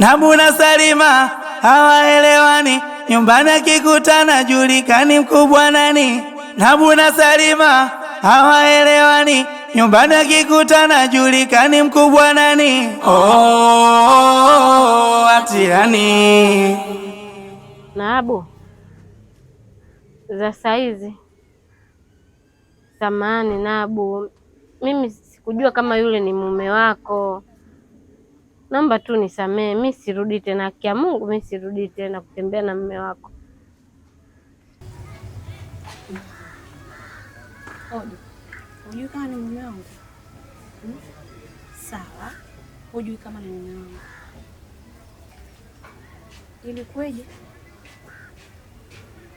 na Buna Salima hawaelewani, nyumbani akikutana julikani mkubwa nani. Na Buna Salima hawaelewani, nyumbani akikutana julikani mkubwa nani. Oh, oh, oh atiani Naabu za saizi. samani Naabu, mimi sikujua kama yule ni mume wako naomba tu nisamee, mi sirudi tena, kia Mungu mi sirudi tena kutembea na mume wako. Hujui kama ni mume wangu hmm? Sawa, hujui kama ni mume wangu ilikuweje?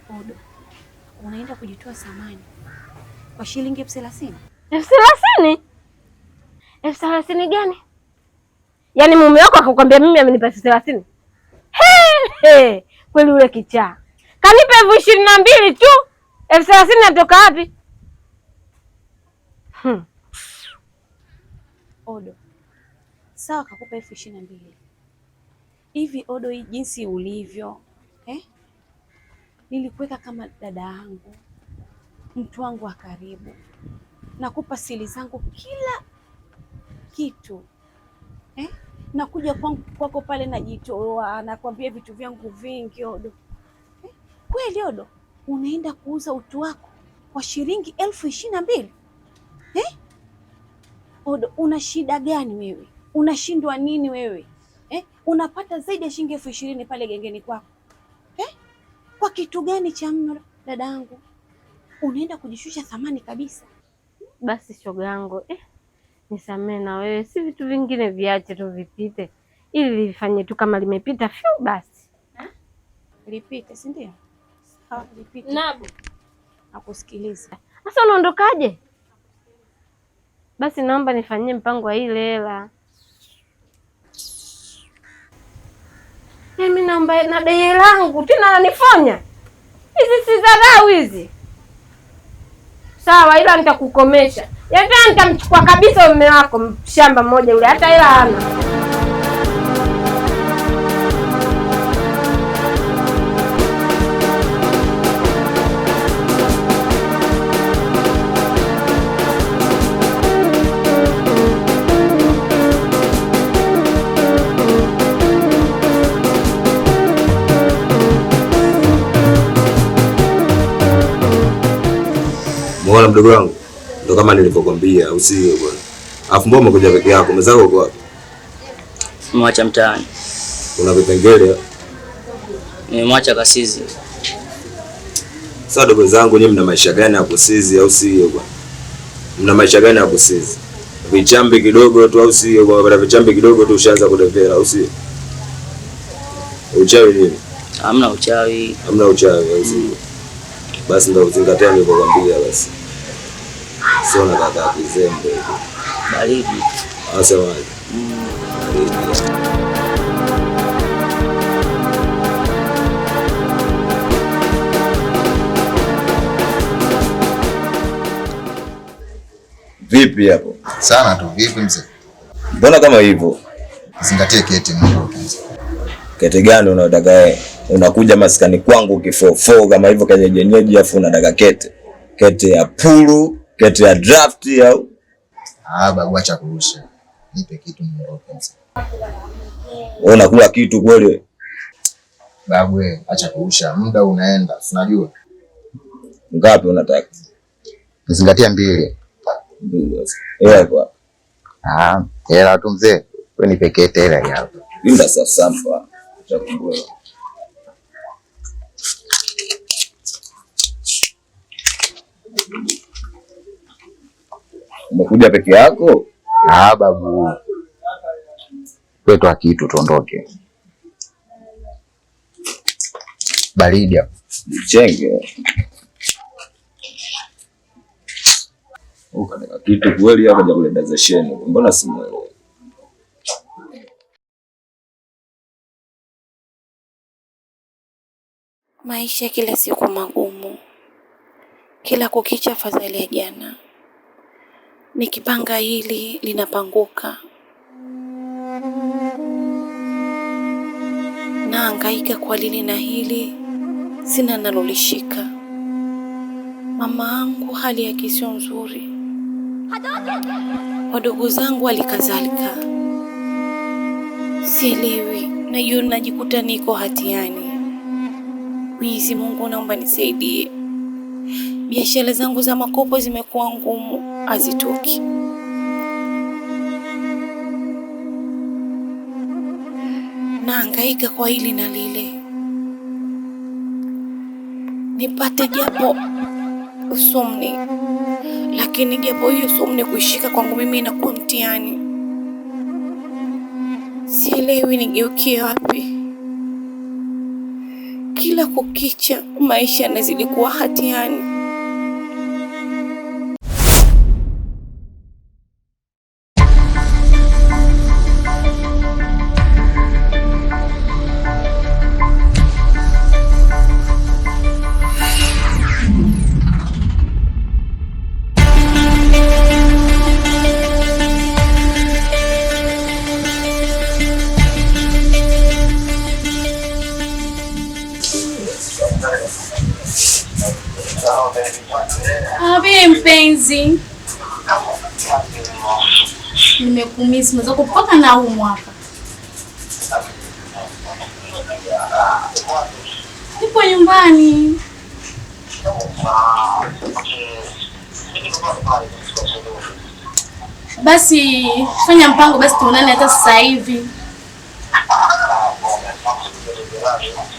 Odo, unaenda kujitoa samani kwa shilingi elfu thelathini? Elfu thelathini? Elfu thelathini gani? Yaani mume wako akakwambia mimi amenipa elfu thelathini kweli? Ule kichaa kanipa elfu ishirini na mbili tu, elfu thelathini natoka wapi? hmm. Odo sawa, kakupa elfu ishirini na mbili hivi Odo, hii jinsi ulivyo eh? Nilikuweka kama dada yangu, mtu wangu wa karibu, nakupa siri zangu, kila kitu eh? Nakuja kwako pale najitoa, nakwambia vitu vyangu vingi Odo eh? Kweli Odo, unaenda kuuza utu wako kwa shilingi elfu ishirini na mbili eh? Odo, una shida gani wewe? Unashindwa nini wewe eh? Unapata zaidi ya shilingi elfu ishirini pale gengeni kwako eh? Kwa kitu gani cha mno dadangu, unaenda kujishusha thamani kabisa. Basi shoga yangu eh nisamee na wewe, si vitu vingine viache tu vipite, ili vifanye tu kama limepita fyu basi eh? Lipite si ndio? Sawa, lipite. Nabu nakusikiliza. Sasa unaondokaje? Basi naomba nifanyie mpango wa ile hela. Mimi naomba na bei langu tena ananifonya. Hizi si dharau hizi. Sawa, ila nitakukomesha. Yata yaani nitamchukua kabisa mume wako shamba moja yule, hata hela hana. Muona mdogo wangu ndo kama nilivyokwambia usiwe bwana. Alafu mbona umekuja peke yako? Mzako uko wapi? Mwacha mtaani. Kuna vipengele? Nimemwacha Kasizi. Sasa dogo zangu, nyinyi mna maisha gani ya kusizi au sio bwana? Mna maisha gani ya kusizi? Vichambi kidogo tu au sio bwana? Baada vichambi kidogo tu ushaanza kudevela au sio? Uchawi nini? Hamna uchawi. Hamna uchawi au sio? Mm. Basi ndio uzingatia nilivyokuambia basi. Sona kaka kizembe baridi, wasemaje? baridi Vipi hapo? Sana tu. Vipi mzee? Mbona kama hivyo? Zingatie kete Mungu. Kete gani unataka wewe? Unakuja maskani kwangu kifofo kama hivyo kenye jenyeji afu unataka kete. Kete ya puru kete ya draft au babu, acha kurusha, nipe kitu kwanza. Wewe unakula kitu kweli babu? Wewe acha kurusha, muda unaenda, unajua ngapi unataka? Nizingatia mbili ah, hela tu mzee, wewe nipe kete hela hapa. Bila sasa chakumbua umekuja peke yako? Ah babu, kwetu kitu tuondoke, baridi chenge ukaneka kitu kweli hapa ja kuleta mbona simwelewi? Maisha kila siku magumu, kila kukicha afadhali ya jana nikipanga hili linapanguka, naangaika kwa lili na hili, sina nalolishika. Mama angu hali yake sio nzuri, wadogo zangu halikadhalika, sielewi. Najua najikuta niko hatiani. Mwenyezi Mungu, naomba nisaidie biashara zangu za makopo zimekuwa ngumu, hazitoki. Naangaika kwa hili na lile, nipate japo usumni lakini japo hiyo sumni kuishika kwangu mimi inakuwa mtihani. Sielewi nigeukie wapi. Kila kukicha maisha yanazidi kuwa hatiani. Amazing. Nimekumisi mwenzako mpaka naumwa hapa. Nipo nyumbani. Basi fanya mpango basi, tuonane hata sasa hivi.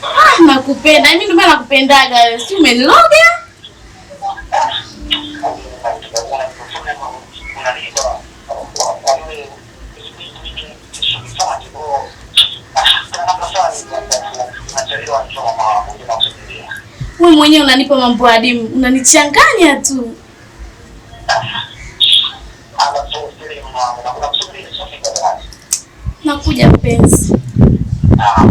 Ah, nakupenda mimi, ndio maana nakupendaga. Si umeniloga? mwenyewe unanipa mambo adimu, unanichanganya tu. Nakuja mpenzi. Ah,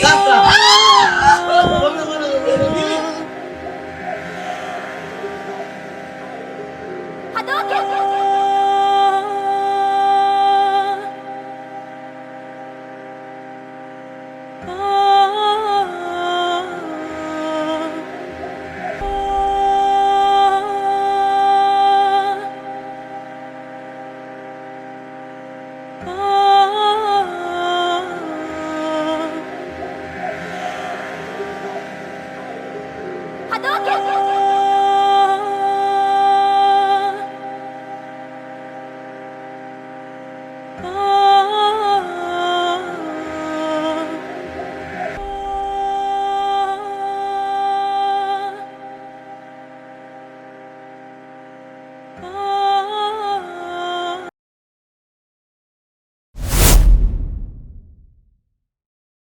Sakla. Bye. Oh.